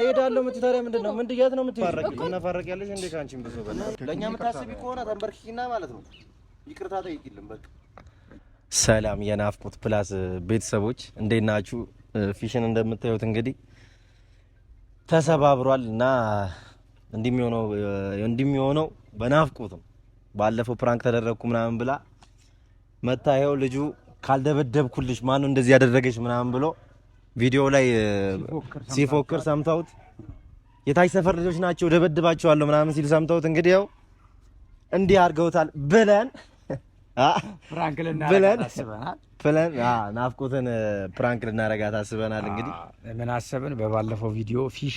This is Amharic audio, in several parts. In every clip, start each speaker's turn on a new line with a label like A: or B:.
A: እሄዳለሁ የምትይው ታዲያ ምንድን ነው? ምንድን እያት ነው የምትይው? እናፋረቂያለሽ እንደ ከአንቺም ብዙ ለእኛ የምታስቢ ከሆነ ተንበርክኪና ማለት ነው ይቅርታ ጠይቂልን በቃ። ሰላም የናፍቆት ፕላስ ቤተሰቦች እንዴት ናችሁ? ፊሽን እንደምታዩት እንግዲህ ተሰባብሯል እና እንደሚሆነው በናፍቆት ነው። ባለፈው ፕራንክ ተደረግኩ ምናምን ብላ መታየው ልጁ ካልደበደብኩልሽ ማነው እንደዚህ ያደረገች ምናምን ብሎ ቪዲዮ ላይ ሲፎክር ሰምተውት የታች ሰፈር ልጆች ናቸው ደበድባቸዋለሁ ምናምን ሲል ሰምተውት እንግዲህ ያው እንዲህ አድርገውታል ብለን ብለን ናፍቆትን ፕራንክ ልናረጋት አስበናል። እንግዲህ
B: ምን አሰብን? በባለፈው ቪዲዮ ፊሽ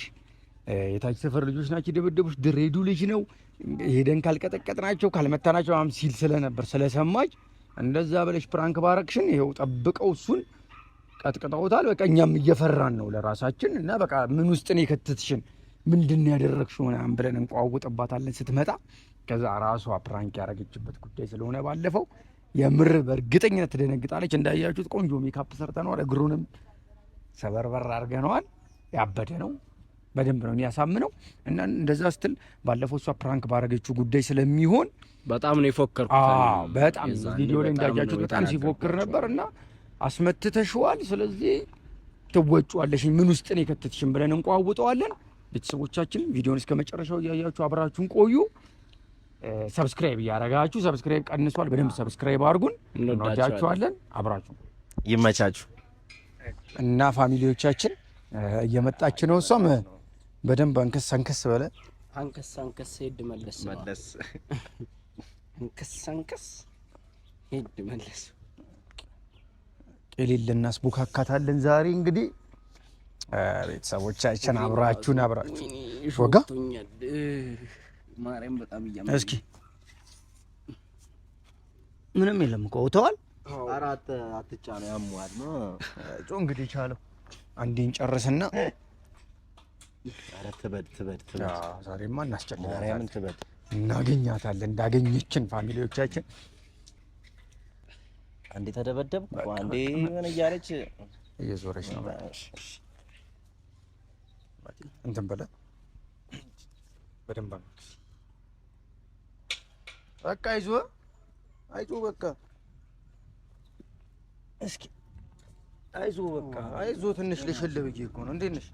B: የታች ሰፈር ልጆች ናቸው የደበደቡሽ ድሬዱ ልጅ ነው ሄደን ካልቀጠቀጥናቸው ካልመታናቸው ሲል ስለነበር ስለሰማች እንደዛ ብለሽ ፕራንክ ባረክሽን ይኸው ጠብቀው እሱን ቀጥቅጠውታል። በቃ እኛም እየፈራን ነው ለራሳችን እና በቃ ምን ውስጥ ነው የከተትሽን ምንድን ያደረግሽው ምናምን ብለን እንቋውጥባታለን ስትመጣ። ከዛ ራሷ ፕራንክ ያደረገችበት ጉዳይ ስለሆነ ባለፈው የምር በእርግጠኝነት ትደነግጣለች። እንዳያችሁት ቆንጆ ሜካፕ ሰርተነዋል። እግሩንም ሰበርበር አድርገነዋል። ያበደ ነው በደንብ ነው የሚያሳምነው። እና እንደዛ ስትል ባለፈው እሷ ፕራንክ ባረገችው ጉዳይ ስለሚሆን
A: በጣም ነው የፎከርኩት።
B: በጣም ቪዲዮ ላይ እንዳያችሁት በጣም ሲፎክር ነበር እና አስመትተሽዋል፣ ስለዚህ ትወጪዋለሽኝ፣ ምን ውስጥ ነው የከተትሽን ብለን እንቋውጠዋለን። ቤተሰቦቻችንም ቪዲዮን እስከ መጨረሻው እያያችሁ አብራችሁን ቆዩ። ሰብስክራይብ እያረጋችሁ ሰብስክራይብ ቀንሷል፣ በደንብ ሰብስክራይብ አድርጉን። እንወዳችኋለን። አብራችሁ ይመቻችሁ። እና ፋሚሊዎቻችን እየመጣች ነው። እሷም በደንብ አንከስ አንከስ በለ
A: አንከስ አንከስ ሄድ መለስ መለስ አንከስ አንከስ ሄድ መለስ
B: እልል እናስቡካካታለን። ዛሬ እንግዲህ ቤተሰቦቻችን አብራችሁን አብራችሁ ወጋ
A: እስኪ ምንም የለም እኮ ውተዋል።
B: አራት አትጫነ ያሟል ነው ጮ እንግዲህ ቻለው አንዴን ጨርስና
A: ትበድ ትበድ
B: ትበድ። ዛሬማ
A: እናስጨንቃታለን፣
B: እናገኛታለን። እንዳገኘችን ፋሚሊዎቻችን
A: አንዴ ተደበደብ አንዴ ምን እያለች
B: እየዞረች ነው። እንትን በለ በደንብ
A: በቃ አይዞ አይዞ በቃ እስኪ አይዞ በቃ
B: አይዞ ትንሽ ልሽል ብዬ እኮ ነው። እንዴት ነሽ?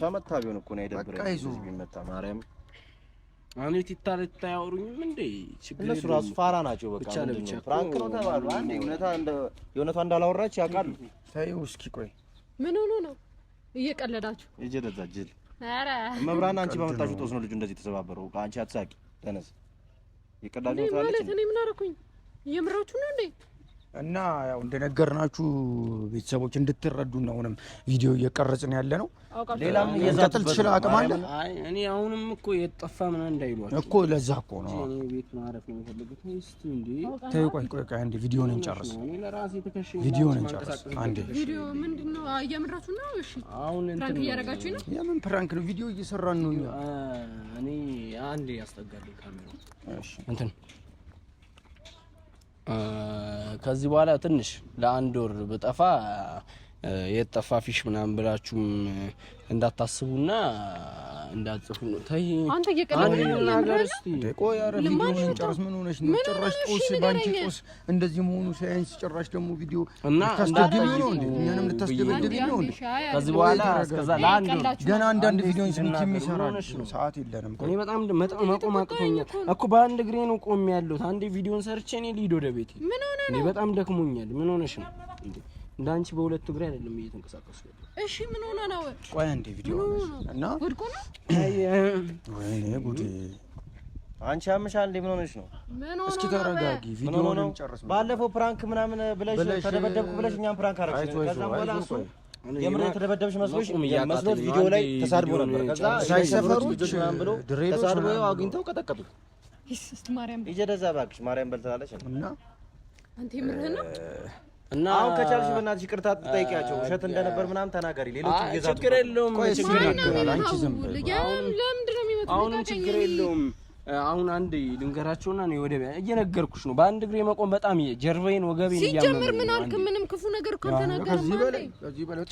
A: ተመታ ቢሆን እኮ ነው የደብረ
B: አይዞ ቢመታ ማርያም
A: አሁን የቲታ ልታያወሩኝም እንዴ?
B: ችግር እነሱ ራሱ ፋራ ናቸው። በቃ
A: ብቻ ፍራንክ ነው ተባሉ። አንዴ እውነታ እንደ የእውነቷ እንዳላወራች ያውቃሉ።
B: ተይው እስኪ ቆይ
C: ምን ሆኖ ነው እየቀለዳችሁ?
A: እጀለዛ ጅል ኧረ መብራና አንቺ በመጣችሁ ጦስ ነው ልጁ እንደዚህ የተሰባበረው። አንቺ አትሳቂ፣ ተነስ። ይቀዳጁ
C: ማለት እኔ ምን አደረኩኝ? የምራችሁ ነው እንዴ?
B: እና ያው እንደነገርናችሁ ቤተሰቦች እንድትረዱ አሁንም ቪዲዮ እየቀረጽን ያለ ነው።
A: ሌላም እየቀጥል
B: ትችል አቅም አለ።
A: እኔ አሁንም እኮ የጠፋ ምን እንዳይሏችሁ
B: እኮ ለዛ እኮ ነው ቤት ማረፍ ነው የፈለጉት። እስቲ እንዴ ተይ፣ ቆይ ቆይ ቆይ አንዴ ቪዲዮን እንጨርስ፣ ቪዲዮን እንጨርስ አንዴ።
C: ቪዲዮ ነው እያመራችሁ ነው? እሺ
A: አሁን ፕራንክ እያደረጋችሁ ነው?
B: የምን ፕራንክ ነው? ቪዲዮ እየሰራን ነው እኛ።
A: እኔ አንዴ ያስጠጋል ካሜራ። እንትን ከዚህ በኋላ ትንሽ ለአንድ ወር ብጠፋ የጠፋ ፊሽ ምናምን ብላችሁም እንዳታስቡና እንዳጽፉ ነው። ታይ አንተ ነገር እስቲ
B: ምን ሆነሽ ነው? ባንቺ እንደዚህ መሆኑ ሳይንስ ጭራሽ ደግሞ ቪዲዮ ነው እንዴ? እኛንም ነው እንዴ?
A: ከዚህ በኋላ እስከዛ
B: ገና አንዳንድ ቪዲዮን ስንት የሚሰራ ሰዓት የለንም።
A: እኔ በጣም መጣ መቆም አቅቶኛል እኮ በአንድ እግሬ ነው ቆሜ ያለሁት። አንዴ ቪዲዮን ሰርቼ እኔ ልሂድ ወደ ቤቴ። እኔ በጣም ደክሞኛል። ምን ሆነሽ ነው? እንዳንቺ በሁለት እግሬ አይደለም እየተንቀሳቀስኩ።
C: እሺ ምን ሆነ ነው?
A: ቆይ አንዴ ቪዲዮ
B: እና ወድቆ ነው። አይ ወይኔ ጉድ!
A: አንቺ አመሻ እንዴ? ምን ሆነሽ ነው?
B: እስኪ ተረጋጊ። ቪዲዮ ነው ጨርስ።
A: ባለፈው ፕራንክ ምናምን ብለሽ ተደበደብኩ ብለሽ እኛም ፕራንክ አደረግሽ።
B: ከዛ በኋላ እሱ
A: የምር የተደበደብሽ መስሎሽ መስሎት ቪዲዮ ላይ ተሳድቦ ነበር።
B: ከዛ ሳይሰፈሩ ልጆች ምናምን ብሎ
A: ተሳድቦ አግኝተው ቀጠቀጡ።
C: ይስስ ማርያም፣
A: ይጀደዛ እባክሽ ማርያም በልተላለች
B: እና
C: አንተ ምርህ ነው
A: እና አሁን ከቻልሽ በእናትሽ ይቅርታ ትጠይቂያቸው። ውሸት እንደነበር ምናምን ተናገሪ። ሌሎች ይዛቱ ችግር የለውም ችግር አሁንም ችግር የለውም። አሁን አንድ ልንገራቸውና ነው ወደ እየነገርኩሽ ነው። በአንድ እግሬ መቆም በጣም ጀርባዬን ወገቤን
C: እያመመኝ ሲጀምር ምን አልክ? ምንም ክፉ ነገር እኮ
B: አልተናገርም።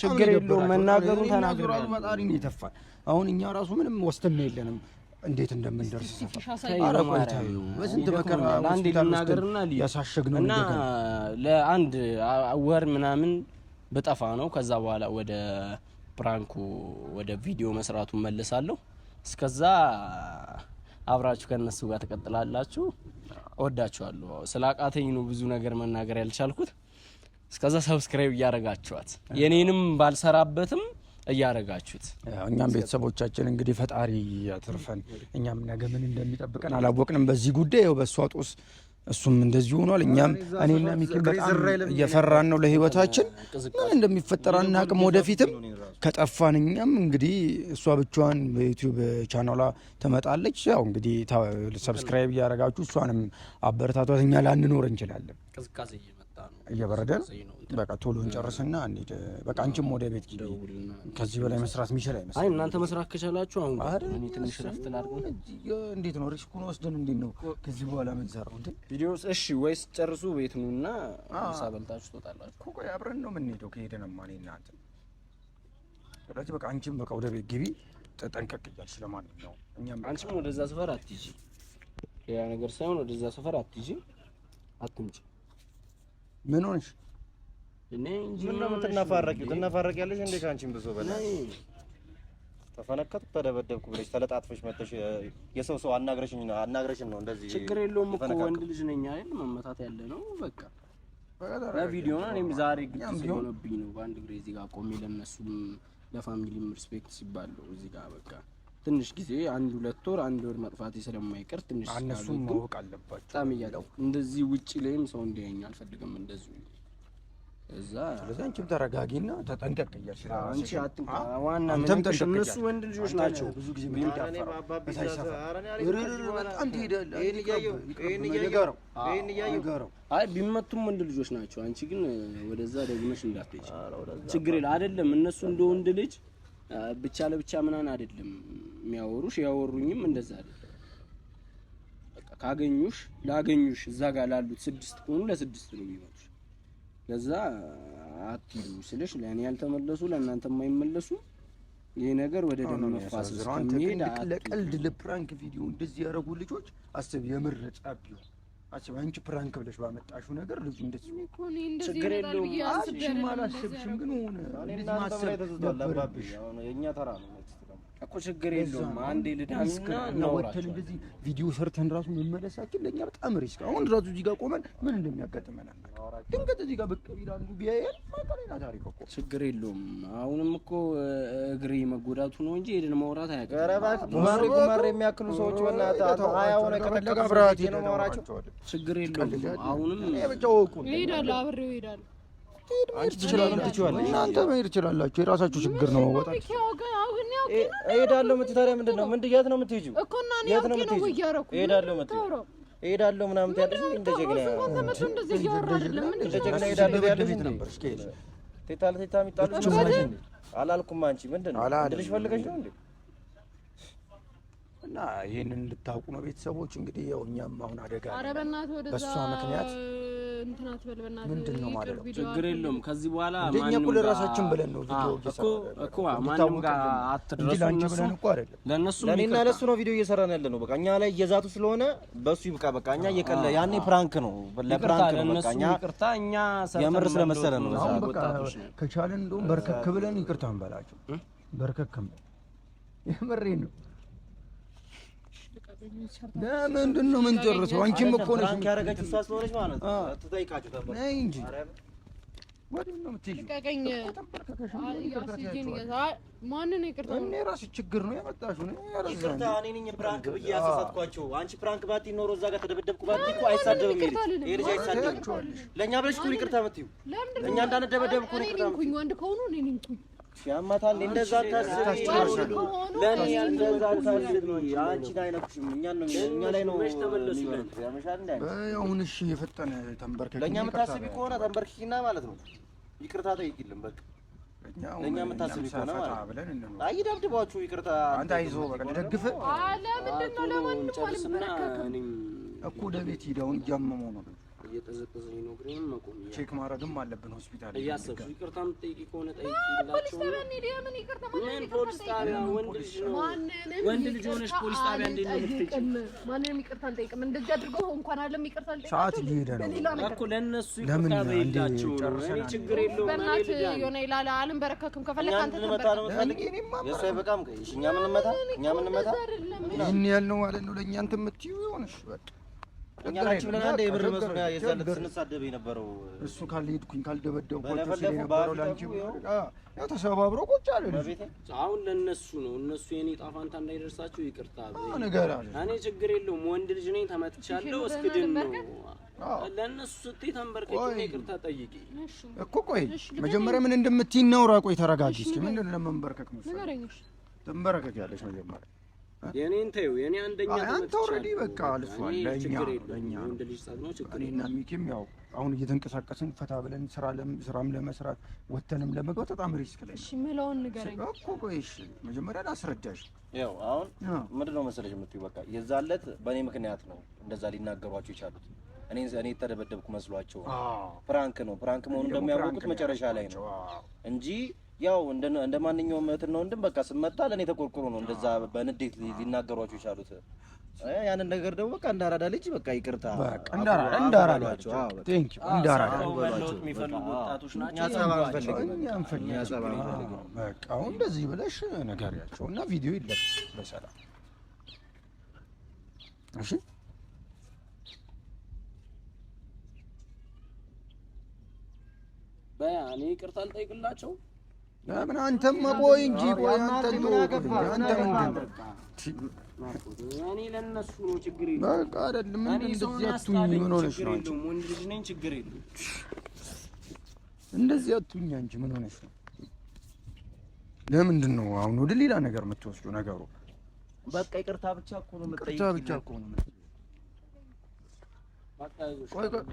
B: ችግር የለውም መናገሩ ተናግሯል። ፈጣሪ ነው የተፋል። አሁን እኛ ራሱ ምንም ወስትና የለንም እንዴት እንደምንደርስ
A: ለአንድ ወር ምናምን በጠፋ ነው። ከዛ በኋላ ወደ ፕራንኩ ወደ ቪዲዮ መስራቱ መልሳለሁ። እስከዛ አብራችሁ ከነሱ ጋር ትቀጥላላችሁ። እወዳችኋለሁ። ስለ አቃተኝ ነው ብዙ ነገር መናገር ያልቻልኩት። እስከዛ ሰብስክራይብ እያደረጋችኋት የኔንም ባልሰራበትም እያረጋችሁት።
B: እኛም ቤተሰቦቻችን እንግዲህ ፈጣሪ ያትርፈን። እኛም ነገ ምን እንደሚጠብቀን አላወቅንም። በዚህ ጉዳይ ያው በእሷ ጦስ እሱም እንደዚህ ሆኗል። እኛም እኔና ሚኪል በጣም እየፈራን ነው ለህይወታችን፣ ምን እንደሚፈጠር አናውቅም። ወደፊትም ከጠፋን እኛም እንግዲህ እሷ ብቻዋን በዩቲዩብ ቻናሏ ትመጣለች። ያው እንግዲህ ሰብስክራይብ እያደረጋችሁ እሷንም አበረታቷት። እኛ ላንኖር እንችላለን። እየበረደ ነው። በቃ ቶሎ እንጨርስና እንሂድ። በቃ አንቺም ወደ ቤት ግቢ። ከዚህ በላይ መስራት የሚችል አይመስልም።
A: አይ እናንተ መስራት ከቻላችሁ አሁን
B: እንዴት ነው ሪስኩን ወስደን እንዴት ነው ከዚህ በኋላ የምትሰራው?
A: እንዴ ቪዲዮስ? እሺ ወይስ ጨርሱ ቤት ነው እና ምሳ በልታችሁ
B: ትወጣላችሁ። ቆይ አብረን ነው የምንሄደው ከሄደንማ እኔ እና ስለዚህ በቃ አንቺም በቃ ወደ ቤት ግቢ ተጠንቀቅ እያልሽ ለማንኛውም
A: እኛም አንቺም ወደዛ ሰፈር አትሂጂ። ያ ነገር ሳይሆን ወደዛ ሰፈር አትሂጂ፣ አትምጪ
B: ምን ሆንሽ? ምነው የምትናፋረቂው? ትናፋረቂያለሽ እንዴ? ከአንቺም ብዙ
A: በላይ ተፈነከትኩ፣ ተደበደብኩ ብለሽ ተለጣጥፈሽ መጥተሽ የሰው ሰው አናግረሽኝ ነው አናግረሽኝ ነው እንደዚህ። ችግር የለውም እኮ ወንድ ልጅ ነኝ አይደል? መመታት ያለ ነው በቃ ለቪዲዮ ነው። እኔም ዛሬ ግድ ሲሆነብኝ ነው በአንድ እግሬ እዚህ ጋር ቆሜ ለእነሱም ለፋሚሊም ሪስፔክት ሲባል ነው እዚህ ጋር በቃ ትንሽ ጊዜ አንድ ሁለት ወር አንድ ወር መጥፋቴ ስለማይቀር ትንሽ
B: እነሱም ማወቅ
A: አለባቸው። በጣም እያለው እንደዚህ ውጭ ላይም ሰው እንዲያየኝ አልፈልግም። እንደዚህ እዛ
B: ስለዚህ አንቺም ተረጋጊና ተጠንቀቅ እያልሽ
A: አንቺ አትንካ።
B: ዋና እነሱ ወንድ ልጆች ናቸው። ብዙ ጊዜ
A: አይ ቢመቱም ወንድ ልጆች ናቸው። አንቺ ግን ወደዛ ደግመሽ እንዳትሄጂ ችግር የለ አይደለም እነሱ እንደ ወንድ ልጅ ብቻ ለብቻ ምናን አይደለም የሚያወሩሽ፣ ያወሩኝም እንደዛ አይደለም። በቃ ካገኙሽ ላገኙሽ እዛ ጋር ላሉት ስድስት ከሆኑ ለስድስት ነው የሚመጡሽ። ለዛ አትሉ ስልሽ ለእኔ ያልተመለሱ ለእናንተ የማይመለሱ ይሄ ነገር ወደ ደም
B: መፋሰስ ከሚሄድ ለቀልድ ለፕራንክ ቪዲዮ እንደዚህ ያደረጉ ልጆች አስብ የምረጫ ቢሆን አስብ አንቺ ፕራንክ ብለሽ ባመጣሽው ነገር ልጁ እንደዚህ
C: ችግር
A: የለውም።
B: አስብሽም ግን ሆነ። እኔ
A: እናንተ የእኛ ተራ ነው። እኮ ችግር የለውም። አንዴ
B: ልዳንስና እናወራቸው። እንደዚህ ቪዲዮ ሰርተን ራሱ መመለሳችን ለእኛ በጣም ሪስክ። አሁን ራሱ እዚህ ጋር ቆመን ምን እንደሚያጋጥመን ድንገት እዚህ ጋር ብቅ ቢላሉ ቢያየን ማቀሌና ታሪክ
A: እኮ ችግር የለውም። አሁንም እኮ እግሬ መጎዳቱ ነው እንጂ ሄደን ማውራት አያውቅም። ጉማሬ የሚያክሉ ሰዎች ችግር የለውም። አሁንም
C: ይሄዳሉ፣ አብሬው ይሄዳሉ።
B: እናንተ መሄድ ትችላላችሁ። የራሳችሁ ችግር
C: ነው መወጣት
A: እሄዳለሁ የምትይው ታዲያ ምንድን ነው? ምንድን የት ነው የምትሄጂው? የት ነው የምትሄጂው? እሄዳለሁ የምትይው እሄዳለሁ ምናምን
C: ትያለሽ። እንደ ጀግና እንደ ጀግና
B: እሄዳለሁ ያለሽ ቴታ ለቴታ
A: የሚጣሉት አላልኩም። አንቺ ምንድን ነው እንድልሽ ፈልገሽ ነው እንዴ?
B: እና ይህንን ልታውቁ ነው ቤተሰቦች። እንግዲህ ያው እኛም አሁን አደጋ
C: በእሷ ምክንያት
B: እንትናት በልበና በእናትህ ምንድን ነው ማለት
A: ነው። ችግር የለውም። ከዚህ በኋላ
B: ማንም ጋር ለራሳችን ብለን ነው
A: ቪዲዮ እኮ እኮ ማንም ጋር አትድረሱ። ለእነሱ ለእኔና ለእሱ ነው ቪዲዮ እየሰራን ያለ ነው። በቃ እኛ ላይ እየዛቱ ስለሆነ በሱ ይብቃ። በቃ እኛ እየቀለ ያኔ ፕራንክ ነው ለፕራንክ ነው። በቃ እኛ ይቅርታ፣ እኛ የምር ስለመሰለ ነው።
B: በቃ ከቻለን እንደውም በርከክ ብለን ይቅርታ እንበላቸው። በርከክም የምሬ ነው ለምንድን ነው ምን ጨርሰው? አንቺም እኮ
A: ነሽ ማለት
C: ማንን ይቅርታ?
B: እኔ እራስሽ ችግር ነው ያመጣሽው።
A: ይቅርታ እኔ ነኝ ፕራንክ ብዬ ያሳሳትኳቸው። አንቺ ፕራንክ ባቲ ኖሮ እዛ ጋር ተደበደብኩ ባቲ እኮ አይሳደብም። ይሄ ልጅ አይሳደብም። ለእኛ ብለሽ እኮ ይቅርታ የምትይው
C: ለእኛ እንዳንደበደብ እኮ ይቅርታ ወንድ ከሆኑ እኔ ነኝ
A: ያማታል። እንደዛ
B: ታስብ ለኔ እንደዛ ታስብ ታስቢ ላይ
A: አይነኩሽም። እኛ ነው እኛ ላይ ነው ተመለሱ
B: ያመሻል። እሺ የፈጠነ ተንበርከክ
A: ለእኛ የምታስቢ ከሆነ ተንበርክኪና ማለት ነው ይቅርታ ጠይቂልን። በቃ ለእኛ የምታስቢ ከሆነ ማለት ነው አይደብድባችሁ ይቅርታ።
B: አንተ አይዞህ በቃ ልደግፍ
C: አለ ምንድን ነው ለማንም
B: እኮ ወደ ቤት ሂድ አሁን እያመመው ነው
A: እየቀዘቀዘኝ ነው። እግሬን
B: መቆም ቼክ ማድረግም አለብን ሆስፒታል
A: እያሰብሽ። ይቅርታም ጠይቂ ከሆነ ወንድ ልጅ ሆነሽ ፖሊስ ጣቢያ
C: እንዴት ነው የምትሄጂው? ማንንም ይቅርታ አንጠይቅም። እንደዚህ አድርገው እንኳን አለም ይቅርታ
B: አንጠይቅም። ሰዓት እየሄደ
A: ነው እኮ ለእነሱ ይቅርታ በይላቸው። እኔ ችግር የለውም።
C: በእናትህ የሆነ ይላል አልንበረከክም።
A: ከፈለክ አንተ ተንበረከክ። የእሱ አይበቃም። እሺ እኛ ምን እኛ ምን ይህን
B: ያልነው ማለት ነው። ለእኛ እንትን የምትይው ይሆንሽ በቃ
A: እኛናች ብለን አንድ የብር
B: እሱ ካልሄድኩኝ ካልደበደብኩ ያው ተሰባብሮ ቁጭ አለ።
A: አሁን ለእነሱ ነው እነሱ የኔ ጣፋንታ እንዳይደርሳቸው ይቅርታ ነገር አለ። እኔ ችግር የለውም ወንድ ልጅ ነኝ ተመትቻለሁ። እስክድን ነው ለእነሱ ስትይ ተንበርክኬ ይቅርታ ጠይቂ
B: እኮ። ቆይ መጀመሪያ ምን ቆይ ተረጋጊ እስኪ። ምንድን ነው መንበርከክ ያለች መጀመሪያ
A: የኔን ተይው። የኔ አንደኛ
B: አንተ ኦልሬዲ በቃ አልፏል። ለኛ ለኛ እኔና ሚኪም ያው አሁን እየተንቀሳቀስን ፈታ ብለን ስራም ለመስራት ወተንም ለመግባት በጣም ሪስክ
C: ላይ እሺ፣ ምለውን ንገረኝ
B: እኮ እሺ መጀመሪያ ላስረዳሽ።
A: ያው አሁን ምንድን ነው መሰለሽ የምትይው በቃ የዛለት በእኔ ምክንያት ነው እንደዛ ሊናገሯቸው የቻሉት። እኔ እኔ የተደበደብኩ መስሏቸው ፕራንክ ነው። ፕራንክ መሆኑን እንደሚያውቁት መጨረሻ ላይ ነው እንጂ ያው እንደ ማንኛውም ነው ወንድም በቃ ስመጣ ለእኔ ተቆርቁሮ ነው እንደዛ በንዴት ሊናገሯቸው የቻሉት። ያንን ነገር ደግሞ በቃ እንዳራዳ ልጅ በቃ ይቅርታ
B: እንዳራሏቸው በቃ እንደዚህ ብለሽ ንገሪያቸው እና ቪዲዮ ይለቅ በሰላም እሺ።
A: በያ እኔ ይቅርታ አልጠይቅላቸው
B: ለምን አንተም መቆይ እንጂ ቆይ አንተ ምን አገባ አንተ
A: እኔ ለነሱ ነው ችግር
B: በቃ አይደለም እንደዚህ አትሁኝ ምን ሆነሽ ነው
A: አንቺ ወንድ ልጅ ነኝ ችግር የለም
B: እንደዚህ አትሁኝ አንቺ ምን ሆነሽ ነው ለምንድን ነው አሁን ወደ ሌላ ነገር የምትወስዱ ነገሩ
A: በቃ ይቅርታ ብቻ እኮ ነው
B: የምጠይቅ ይቅርታ ብቻ እኮ ነው ቆይ ቆይ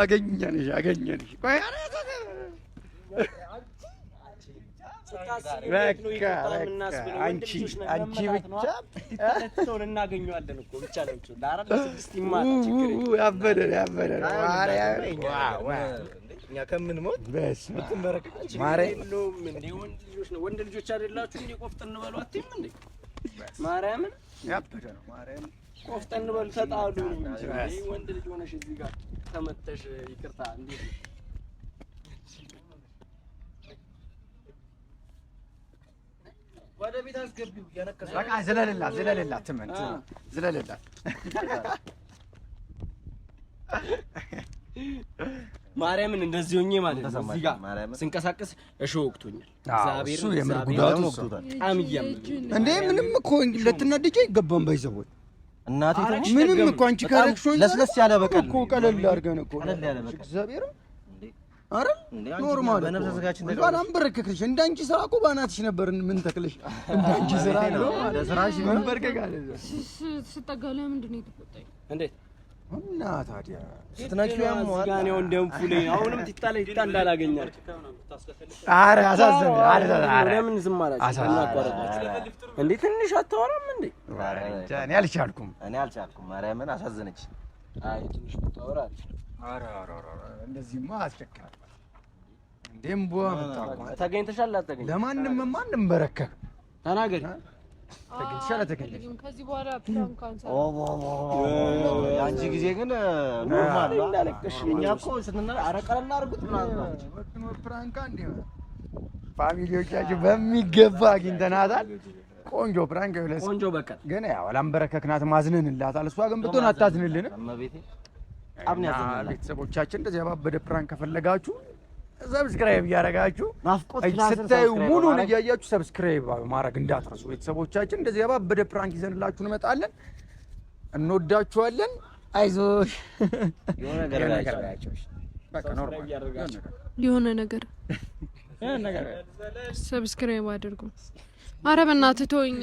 B: አገኘንሽ አገኘንሽ። አንቺ ብቻ
A: እናገኘዋለን እኮ ብቻ
B: ያበደ ያበደ
A: እኛ ከምን ሞት ነው ወንድ ልጆች ነው ወንድ ልጆች አይደላችሁ እንዴ? ቆፍጠን በሉ አትይም እንዴ? ማርያምን ያበደ ነው። ማርያም ቆፍጠን በሉ ተጣሉ። ወንድ ልጅ ሆነሽ እዚህ ጋር ተመተሽ ይቅርታ እንዴ? ወደ ቤት አስገቢው ያነከሰ በቃ ዝለልላ ዝለልላ ትመን ዝለልላ ማርያምን እንደዚህ ሆኜ ማለት ነው እዚህ ጋር ስንቀሳቀስ እሺ ወቅቶኛል። እሱ የምር ጉዳቱ ወቅቶታል።
B: እንዴ! ምንም እኮ ልትናደጂ አይገባም። ባይዘወት እናቴ ምንም እኮ አንቺ ካረግሽው
A: ለስለስ ያለ በቀል
B: እኮ ቀለል አድርገን እኮ ቀለል ያለ በቀል እግዚአብሔር አረ ኖርማል አንበረከክሽ። እንዳንቺ ስራ እኮ ባናትሽ ነበር። ምን ተክልሽ እንዳንቺ ስራ
A: ነው። ስራሽ
B: ምን በርከካለ
C: ስጠጋ ለምንድን ነው የተቆጣኝ?
A: እንዴት
B: እና ታዲያ
A: ስትነኪው ያሟል። ጋኔውን ደንፉ አሁንም ጢጣ ላይ ጢጣ እንዳላገኛት።
B: ኧረ አሳዘነ።
A: ለምን ዝም አላችሁ? እንዴ ትንሽ አታወራም እንዴ?
B: እኔ አልቻልኩም፣
A: እኔ አልቻልኩም። ማርያምን አሳዘነች። አይ ትንሽ ብታወራ
B: አሪፍ ነው። ኧረ ኧረ እንደዚህማ አስቸግራል። እንዴም ቦ
A: ተገኝተሻል። አታገኝ
B: ለማንም ማንም በረከብ
A: ተናገሪ ያንቺ ጊዜ ግን
B: ፋሚሊዎቻችሁ በሚገባ አግኝተናታል። ቆንጆ ፕራንክ
A: ይለስ ቆንጆ በቀል
B: ግን ያው አላንበረከክናት ማዝነንላታል። እሷ ግን ብትሆን አታዝንልን። ቤተሰቦቻችን እንደዚህ ያባበደ ፕራንክ ከፈለጋችሁ ሰብስክራይብ እያደረጋችሁ ስታዩ ሙሉን እያያችሁ ሰብስክራይብ ማድረግ እንዳትረሱ። ቤተሰቦቻችን እንደዚህ ያባበደ ፕራንክ ይዘንላችሁ እንመጣለን። እንወዳችኋለን። አይዞሽ
C: የሆነ ነገር ሰብስክራይብ አድርጉ። አረ በእናትህ ተወኝ።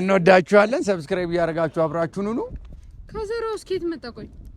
B: እንወዳችኋለን። ሰብስክራይብ እያደረጋችሁ አብራችሁን ሁኑ።
C: ከዜሮ እስኪ የት መጣ? ቆይ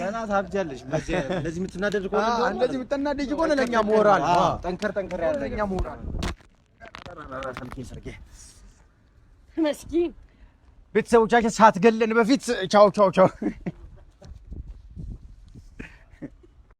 A: ገና ታብጃለሽ። እንደዚህ የምትናደድ ከሆነ እንደዚህ የምትናደድ ከሆነ ለእኛ ሞራል ጠንከር ጠንከር ያለ ለእኛ ሞራል
B: ቤተሰቦቻችን ሳትገለን በፊት ቻው ቻው ቻው